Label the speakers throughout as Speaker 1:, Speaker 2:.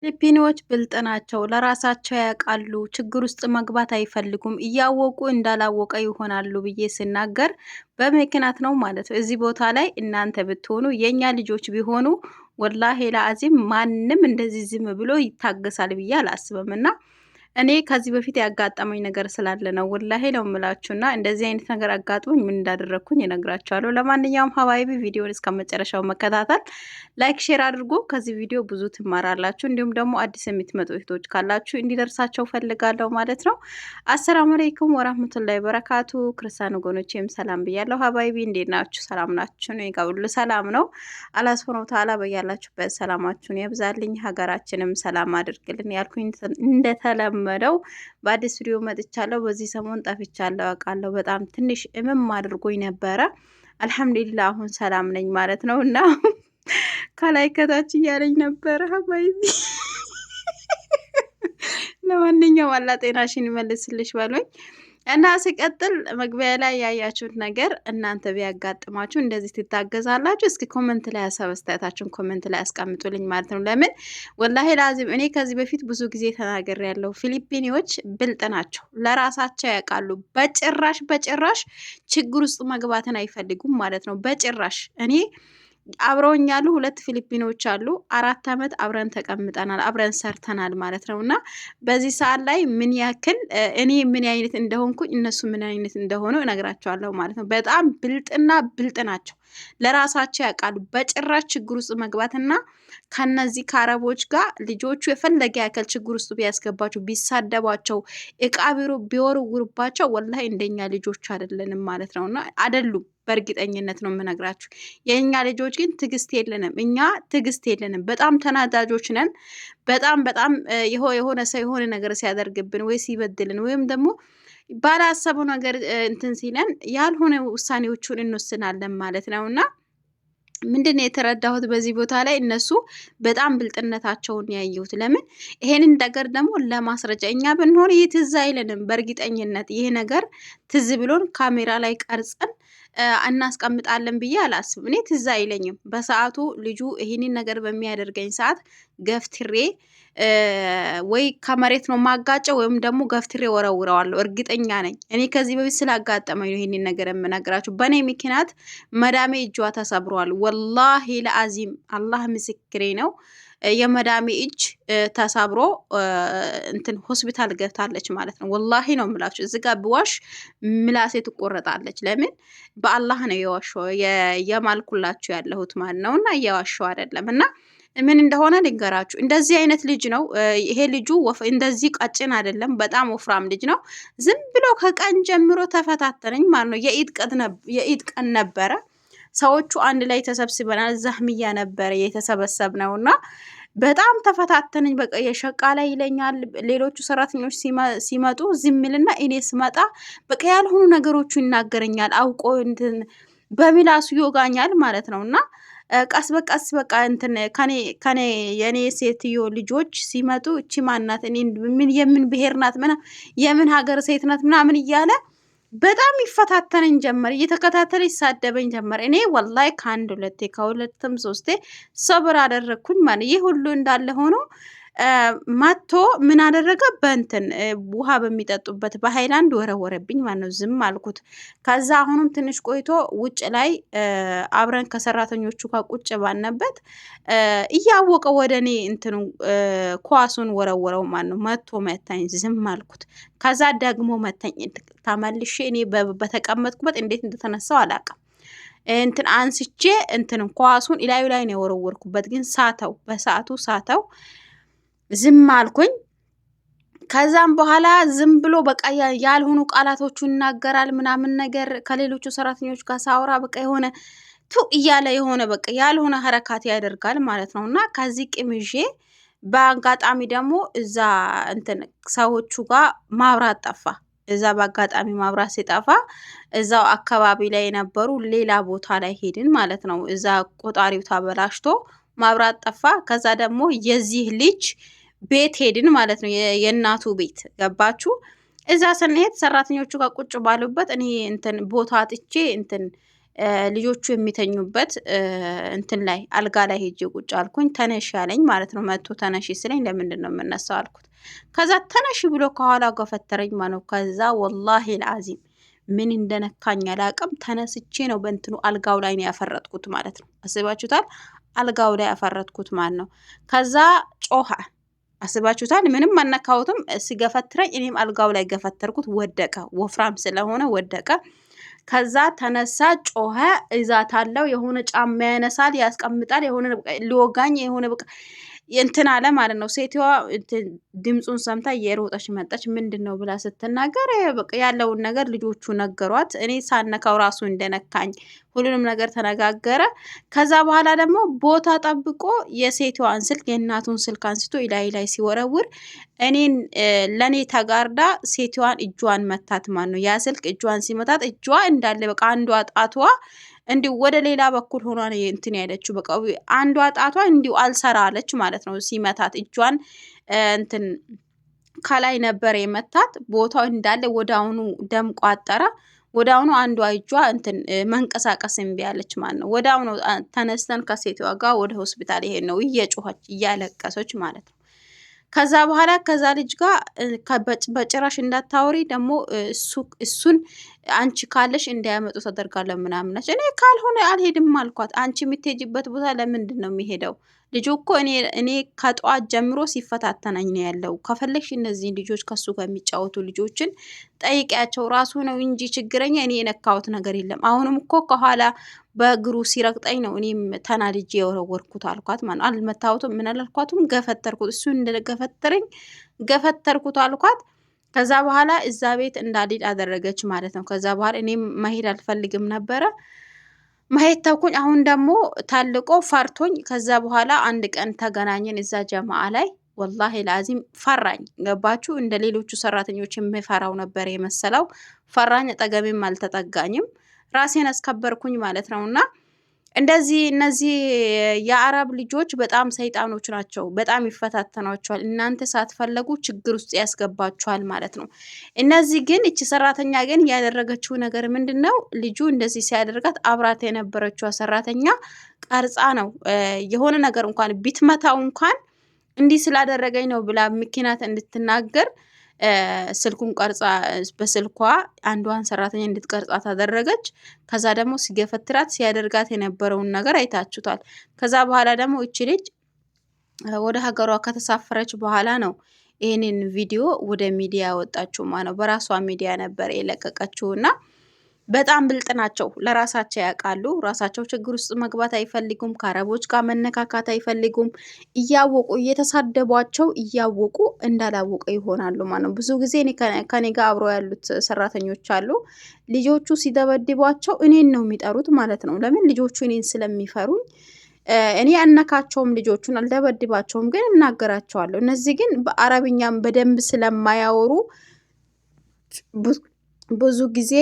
Speaker 1: ፊሊፒኖች ብልጥ ናቸው። ለራሳቸው ያውቃሉ። ችግር ውስጥ መግባት አይፈልጉም። እያወቁ እንዳላወቀ ይሆናሉ ብዬ ስናገር በምክንያት ነው ማለት ነው። እዚህ ቦታ ላይ እናንተ ብትሆኑ የእኛ ልጆች ቢሆኑ ወላሂ ለአዚም ማንም እንደዚህ ዝም ብሎ ይታገሳል ብዬ አላስብም እና እኔ ከዚህ በፊት ያጋጠመኝ ነገር ስላለ ነው። ወላሄ ነው የምላችሁና እንደዚህ አይነት ነገር አጋጥሞኝ ምን እንዳደረግኩኝ እነግራችኋለሁ። ለማንኛውም ሀባይቢ ቪዲዮን እስከ መጨረሻው መከታተል፣ ላይክ፣ ሼር አድርጎ ከዚህ ቪዲዮ ብዙ ትማራላችሁ። እንዲሁም ደግሞ አዲስ የምትመጡ እህቶች ካላችሁ እንዲደርሳቸው ፈልጋለሁ ማለት ነው። አሰላሙ አለይኩም ወራህመቱላሂ በረካቱ። ክርስቲያን ወገኖቼም ሰላም ብያለሁ። ሀባይቢ እንዴት ናችሁ? ሰላም ናችሁ? እኔ ጋር ሁሉ ሰላም ነው። አላህ ሱብሃነሁ ወተዓላ በያላችሁበት ሰላማችሁን ያብዛልኝ፣ ሀገራችንም ሰላም አድርግልን ያልኩኝ እንደተለም የጀመረው በአዲስ ስቱዲዮ መጥቻለሁ። በዚህ ሰሞን ጠፍቻለሁ አውቃለሁ። በጣም ትንሽ እምም አድርጎኝ ነበረ። አልሐምዱሊላ አሁን ሰላም ነኝ ማለት ነው። እና ከላይ ከታች እያለኝ ነበረ ሀባይ ለማንኛውም አላ ጤናሽን ይመልስልሽ በሉኝ። እና ሲቀጥል መግቢያ ላይ ያያችሁት ነገር እናንተ ቢያጋጥማችሁ እንደዚህ ትታገዛላችሁ? እስኪ ኮመንት ላይ ሀሳብ አስተያየታችሁን ኮመንት ላይ አስቀምጡልኝ ማለት ነው። ለምን ወላሂ ላዚም እኔ ከዚህ በፊት ብዙ ጊዜ ተናገር ያለው ፊሊፒኒዎች ብልጥ ናቸው፣ ለራሳቸው ያውቃሉ። በጭራሽ በጭራሽ ችግር ውስጥ መግባትን አይፈልጉም ማለት ነው። በጭራሽ እኔ አብረውኝ ያሉ ሁለት ፊሊፒኖች አሉ። አራት ዓመት አብረን ተቀምጠናል፣ አብረን ሰርተናል ማለት ነው እና በዚህ ሰዓት ላይ ምን ያክል እኔ ምን አይነት እንደሆንኩኝ እነሱ ምን አይነት እንደሆኑ እነግራቸዋለሁ ማለት ነው። በጣም ብልጥና ብልጥ ናቸው። ለራሳቸው ያውቃሉ። በጭራሽ ችግር ውስጥ መግባትና ከነዚህ ከአረቦች ጋር ልጆቹ የፈለገ ያክል ችግር ውስጥ ቢያስገባቸው፣ ቢሳደባቸው እቃ ቢሮ ቢወረውሩባቸው ወላሂ እንደኛ ልጆች አይደለንም ማለት እና አይደሉም። በእርግጠኝነት ነው የምነግራችሁ። የእኛ ልጆች ግን ትዕግስት የለንም። እኛ ትዕግስት የለንም። በጣም ተናዳጆች ነን። በጣም በጣም የሆነ ሰው የሆነ ነገር ሲያደርግብን ወይ ሲበድልን ወይም ደግሞ ባላሰቡ ነገር እንትን ሲለን ያልሆነ ውሳኔዎቹን እንወስናለን ማለት ነው እና ምንድን ነው የተረዳሁት በዚህ ቦታ ላይ እነሱ በጣም ብልጥነታቸውን ያየሁት። ለምን ይሄንን ነገር ደግሞ ለማስረጃ እኛ ብንሆን ይህ ትዝ አይለንም። በእርግጠኝነት ይሄ ነገር ትዝ ብሎን ካሜራ ላይ ቀርጸን እናስቀምጣለን ብዬ አላስብም። እኔ ትዝ አይለኝም። በሰዓቱ ልጁ ይህንን ነገር በሚያደርገኝ ሰዓት ገፍትሬ ወይ ከመሬት ነው ማጋጨው ወይም ደግሞ ገፍትሬ ወረውረዋለሁ። እርግጠኛ ነኝ። እኔ ከዚህ በፊት ስላጋጠመኝ ነው ይህንን ነገር የምነግራችሁ። በእኔ ምክንያት መዳሜ እጇ ተሰብሯል። ወላሂ ለአዚም አላህ ምስክሬ ነው። የመዳሜ እጅ ተሳብሮ እንትን ሆስፒታል ገብታለች ማለት ነው። ወላሂ ነው ምላችሁ። እዚህ ጋር ብዋሽ ምላሴ ትቆረጣለች። ለምን በአላህ ነው የዋሸው የማልኩላችሁ ያለሁት ማለት ነው። እና እየዋሸው አይደለም እና ምን እንደሆነ ልንገራችሁ። እንደዚህ አይነት ልጅ ነው ይሄ ልጁ። እንደዚህ ቀጭን አይደለም፣ በጣም ወፍራም ልጅ ነው። ዝም ብሎ ከቀን ጀምሮ ተፈታተነኝ ማለት ነው። የኢድ ቀን ነበረ ሰዎቹ አንድ ላይ ተሰብስበናል። ዛህምያ ነበር ነው እና በጣም ተፈታተንኝ። በቃ የሸቃ ላይ ይለኛል። ሌሎቹ ሰራተኞች ሲመጡ ዝም ይልና እኔ ስመጣ በቃ ያልሆኑ ነገሮቹ ይናገረኛል። አውቆ እንትን በሚላሱ ይወጋኛል ማለት ነው እና ቀስ በቀስ በቃ እንትን ከኔ የኔ ሴትዮ ልጆች ሲመጡ እቺ ማናት? እኔ ምን የምን ብሔር ናት? ምና የምን ሀገር ሴት ናት? ምናምን እያለ በጣም ይፈታተነኝ ጀመር። እየተከታተለ ይሳደበኝ ጀመር። እኔ ወላይ ከአንድ ሁለቴ ከሁለትም ሶስቴ ሰብር አደረግኩኝ ማለት ይህ ሁሉ እንዳለ ሆኖ መጥቶ ምን አደረገ? በእንትን ውሃ በሚጠጡበት በሀይላንድ ወረወረብኝ ማለት ነው። ዝም አልኩት። ከዛ አሁንም ትንሽ ቆይቶ ውጭ ላይ አብረን ከሰራተኞቹ ጋር ቁጭ ባነበት እያወቀ ወደ እኔ እንትኑ ኳሱን ወረወረው ማለት ነው። መጥቶ መታኝ፣ ዝም አልኩት። ከዛ ደግሞ መታኝ። ተመልሼ እኔ በተቀመጥኩበት እንዴት እንደተነሳው አላውቅም። እንትን አንስቼ እንትን ኳሱን ኢላዩ ላይ ነው የወረወርኩበት፣ ግን ሳተው፣ በሰዓቱ ሳተው። ዝም አልኩኝ። ከዛም በኋላ ዝም ብሎ በቃ ያልሆኑ ቃላቶቹ ይናገራል ምናምን ነገር ከሌሎቹ ሰራተኞች ጋር ሳውራ በቃ የሆነ ቱ እያለ የሆነ በቃ ያልሆነ ሀረካት ያደርጋል ማለት ነው። እና ከዚህ ቅምዤ በአጋጣሚ ደግሞ እዛ እንትን ሰዎቹ ጋር ማብራት ጠፋ። እዛ በአጋጣሚ ማብራት ሲጠፋ እዛው አካባቢ ላይ የነበሩ ሌላ ቦታ ላይ ሄድን ማለት ነው። እዛ ቆጣሪው ታበላሽቶ ማብራት ጠፋ። ከዛ ደግሞ የዚህ ልጅ ቤት ሄድን ማለት ነው። የእናቱ ቤት ገባችሁ። እዛ ስንሄድ ሰራተኞቹ ጋር ቁጭ ባሉበት እኔ እንትን ቦታ አጥቼ እንትን ልጆቹ የሚተኙበት እንትን ላይ አልጋ ላይ ሄጄ ቁጭ አልኩኝ። ተነሽ ያለኝ ማለት ነው። መጥቶ ተነሽ ስለኝ ለምንድን ነው የምነሳው አልኩት። ከዛ ተነሽ ብሎ ከኋላ ገፈተረኝ ማለት ነው። ከዛ ወላሂ ልአዚም ምን እንደነካኝ አላቅም። ተነስቼ ነው በእንትኑ አልጋው ላይ ነው ያፈረጥኩት ማለት ነው። አስባችሁታል? አልጋው ላይ ያፈረጥኩት ማለት ነው። ከዛ ጮኸ አስባችሁታል? ምንም አነካሁትም። ሲገፈትረኝ እኔም አልጋው ላይ ገፈተርኩት። ወደቀ። ወፍራም ስለሆነ ወደቀ። ከዛ ተነሳ፣ ጮኸ። እዛታለው የሆነ ጫማ ያነሳል፣ ያስቀምጣል። የሆነ ሊወጋኝ የሆነ በቃ እንትን አለ ማለት ነው። ሴትዋ ድምፁን ሰምታ የሮጠች መጣች። ምንድን ነው ብላ ስትናገር ያለውን ነገር ልጆቹ ነገሯት። እኔ ሳነካው ራሱ እንደነካኝ ሁሉንም ነገር ተነጋገረ። ከዛ በኋላ ደግሞ ቦታ ጠብቆ የሴትዋን ስልክ የእናቱን ስልክ አንስቶ ላይ ላይ ሲወረውር እኔን ለእኔ ተጋርዳ ሴትዋን እጇን መታት ማን ነው። ያ ስልክ እጇን ሲመታት እጇ እንዳለ በቃ አንዷ ጣቷ እንዲሁ ወደ ሌላ በኩል ሆኗ ነው እንትን ያለችው በቃ አንዷ ጣቷ እንዲሁ አልሰራ አለች ማለት ነው። ሲመታት እጇን እንትን ከላይ ነበር የመታት ቦታው እንዳለ ወደ አሁኑ ደም ቋጠረ። ወደ አሁኑ አንዷ እጇ እንትን መንቀሳቀስ እምቢ አለች ማለት ነው። ወደ አሁኑ ተነስተን ከሴትዋ ጋር ወደ ሆስፒታል ይሄን ነው እየጮኸች እያለቀሰች ማለት ነው። ከዛ በኋላ ከዛ ልጅ ጋር በጭራሽ እንዳታወሪ ደግሞ እሱን አንቺ ካለሽ እንዳያመጡ ተደርጋለሁ ምናምናች። እኔ ካልሆነ አልሄድም አልኳት። አንቺ የምትሄጅበት ቦታ ለምንድን ነው የሚሄደው? ልጁ እኮ እኔ ከጠዋት ጀምሮ ሲፈታተናኝ ነው ያለው። ከፈለግሽ እነዚህን ልጆች ከሱ ጋር የሚጫወቱ ልጆችን ጠይቂያቸው ራሱ ነው እንጂ ችግረኛ እኔ የነካሁት ነገር የለም። አሁንም እኮ ከኋላ በእግሩ ሲረግጠኝ ነው እኔም ተናድጄ የወረወርኩት አልኳት። ማ አልመታሁትም፣ ምን አላልኳትም፣ ገፈተርኩት። እሱ እንደገፈተረኝ ገፈተርኩት አልኳት። ከዛ በኋላ እዛ ቤት እንዳልሄድ አደረገች ማለት ነው። ከዛ በኋላ እኔም መሄድ አልፈልግም ነበረ መሄድ ተኩኝ። አሁን ደግሞ ታልቆ ፈርቶኝ፣ ከዛ በኋላ አንድ ቀን ተገናኘን እዛ ጀማአ ላይ ወላሂ ላዚም ፈራኝ። ገባችሁ? እንደ ሌሎቹ ሰራተኞች የምፈራው ነበር የመሰለው። ፈራኝ፣ ጠገቤም አልተጠጋኝም። ራሴን አስከበርኩኝ ማለት ነው እና እንደዚህ እነዚህ የአረብ ልጆች በጣም ሰይጣኖች ናቸው። በጣም ይፈታተኗቸዋል። እናንተ ሳትፈለጉ ችግር ውስጥ ያስገባችኋል ማለት ነው። እነዚህ ግን እቺ ሰራተኛ ግን ያደረገችው ነገር ምንድን ነው? ልጁ እንደዚህ ሲያደርጋት አብራት የነበረችው ሰራተኛ ቀርጻ ነው የሆነ ነገር እንኳን ቢትመታው እንኳን እንዲህ ስላደረገኝ ነው ብላ ምክንያት እንድትናገር ስልኩን ቀርጻ በስልኳ አንዷን ሰራተኛ እንድትቀርጻ ታደረገች። ከዛ ደግሞ ሲገፈትራት ሲያደርጋት የነበረውን ነገር አይታችሁታል። ከዛ በኋላ ደግሞ እቺ ልጅ ወደ ሀገሯ ከተሳፈረች በኋላ ነው ይህንን ቪዲዮ ወደ ሚዲያ ያወጣችሁ ማለት ነው። በራሷ ሚዲያ ነበር የለቀቀችውና በጣም ብልጥ ናቸው። ለራሳቸው ያውቃሉ። ራሳቸው ችግር ውስጥ መግባት አይፈልጉም። ከአረቦች ጋር መነካካት አይፈልጉም። እያወቁ እየተሳደቧቸው እያወቁ እንዳላወቀ ይሆናሉ ማለት ነው። ብዙ ጊዜ ከኔ ጋር አብረው ያሉት ሰራተኞች አሉ። ልጆቹ ሲደበድቧቸው እኔን ነው የሚጠሩት ማለት ነው። ለምን ልጆቹ እኔን ስለሚፈሩኝ እኔ አነካቸውም፣ ልጆቹን አልደበድባቸውም፣ ግን እናገራቸዋለሁ። እነዚህ ግን በአረብኛም በደንብ ስለማያወሩ ብዙ ጊዜ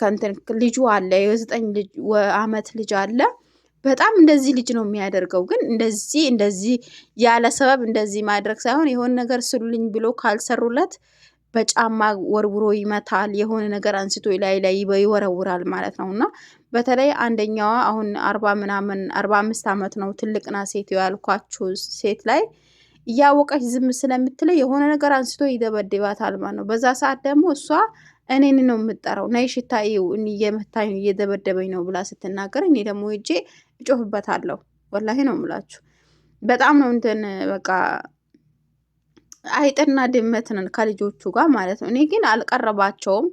Speaker 1: ከእንትን ልጁ አለ የዘጠኝ አመት ልጅ አለ። በጣም እንደዚህ ልጅ ነው የሚያደርገው። ግን እንደዚህ እንደዚህ ያለ ሰበብ እንደዚህ ማድረግ ሳይሆን የሆነ ነገር ስሉልኝ ብሎ ካልሰሩለት በጫማ ወርውሮ ይመታል። የሆነ ነገር አንስቶ ላይ ላይ ይወረውራል ማለት ነው። እና በተለይ አንደኛዋ አሁን አርባ ምናምን አርባ አምስት አመት ነው ትልቅና ሴት ያልኳችሁ ሴት ላይ እያወቀች ዝም ስለምትለው የሆነ ነገር አንስቶ ይደበድባታል ማለት ነው። በዛ ሰዓት ደግሞ እሷ እኔን ነው የምጠራው ናይ ሽታ እየመታኝ እየደበደበኝ ነው ብላ ስትናገር እኔ ደግሞ እጄ እጮህበታለሁ። ወላሄ ነው የምላችሁ። በጣም ነው እንትን በቃ አይጥና ድመት ነን ከልጆቹ ጋር ማለት ነው። እኔ ግን አልቀረባቸውም።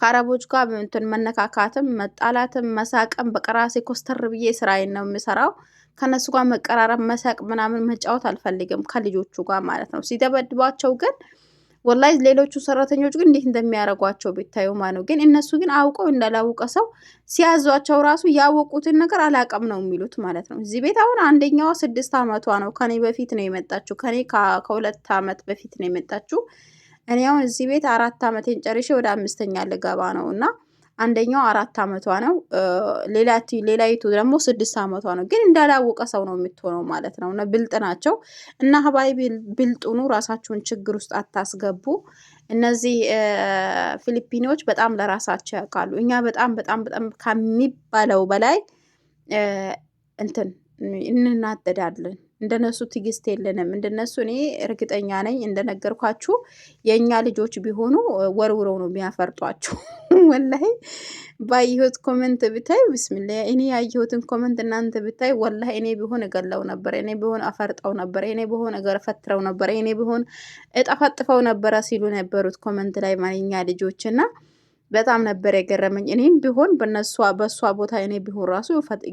Speaker 1: ከአረቦች ጋር እንትን መነካካትም መጣላትም መሳቅም በቃ ኮስተር ብዬ ስራዬን ነው የምሰራው። ከነሱ ጋር መቀራረብ መሳቅ ምናምን መጫወት አልፈልግም ከልጆቹ ጋር ማለት ነው። ሲደበድባቸው ግን ወላይ ሌሎቹ ሰራተኞች ግን እንዴት እንደሚያደርጓቸው ቢታዩ ነው። ግን እነሱ ግን አውቀው እንዳላወቀ ሰው ሲያዟቸው ራሱ ያወቁትን ነገር አላቀም ነው የሚሉት ማለት ነው። እዚህ ቤት አሁን አንደኛዋ ስድስት አመቷ ነው። ከኔ በፊት ነው የመጣችው። ከኔ ከሁለት ዓመት በፊት ነው የመጣችው። እኔ አሁን እዚህ ቤት አራት ዓመቴን ጨርሼ ወደ አምስተኛ ልገባ ነው እና አንደኛው አራት ዓመቷ ነው፣ ሌላይቱ ደግሞ ስድስት ዓመቷ ነው። ግን እንዳላወቀ ሰው ነው የምትሆነው ማለት ነው። ብልጥ ናቸው እና ሀባይ ብልጡኑ ራሳችሁን ችግር ውስጥ አታስገቡ። እነዚህ ፊሊፒኖች በጣም ለራሳቸው ያውቃሉ። እኛ በጣም በጣም በጣም ከሚባለው በላይ እንትን እንናደዳለን። እንደነሱ ትግስት የለንም። እንደነሱ እኔ እርግጠኛ ነኝ እንደነገርኳችሁ የእኛ ልጆች ቢሆኑ ወርውረው ነው የሚያፈርጧችሁ። ወላሂ ባየሁት ኮመንት ብታይ ብስሚላ እኔ ያየሁትን ኮመንት እናንተ ብታይ ወላሂ እኔ ቢሆን እገለው ነበር፣ እኔ ቢሆን አፈርጠው ነበር፣ እኔ ቢሆን እገር ፈትረው ነበር፣ እኔ ቢሆን እጠፈጥፈው ነበረ ሲሉ ነበሩት ኮመንት ላይ ማንኛ ልጆች እና በጣም ነበር የገረመኝ። እኔም ቢሆን በነሷ በእሷ ቦታ እኔ ቢሆን ራሱ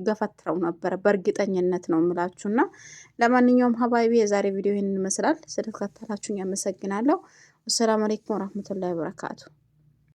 Speaker 1: ገፈትረው ነበረ በእርግጠኝነት ነው ምላችሁና። ለማንኛውም ሀባይቢ የዛሬ ቪዲዮ ይህን ይመስላል። ስለተከታተላችሁኝ አመሰግናለሁ። አሰላሙ አለይኩም ወራህመቱላሂ ወበረካቱ።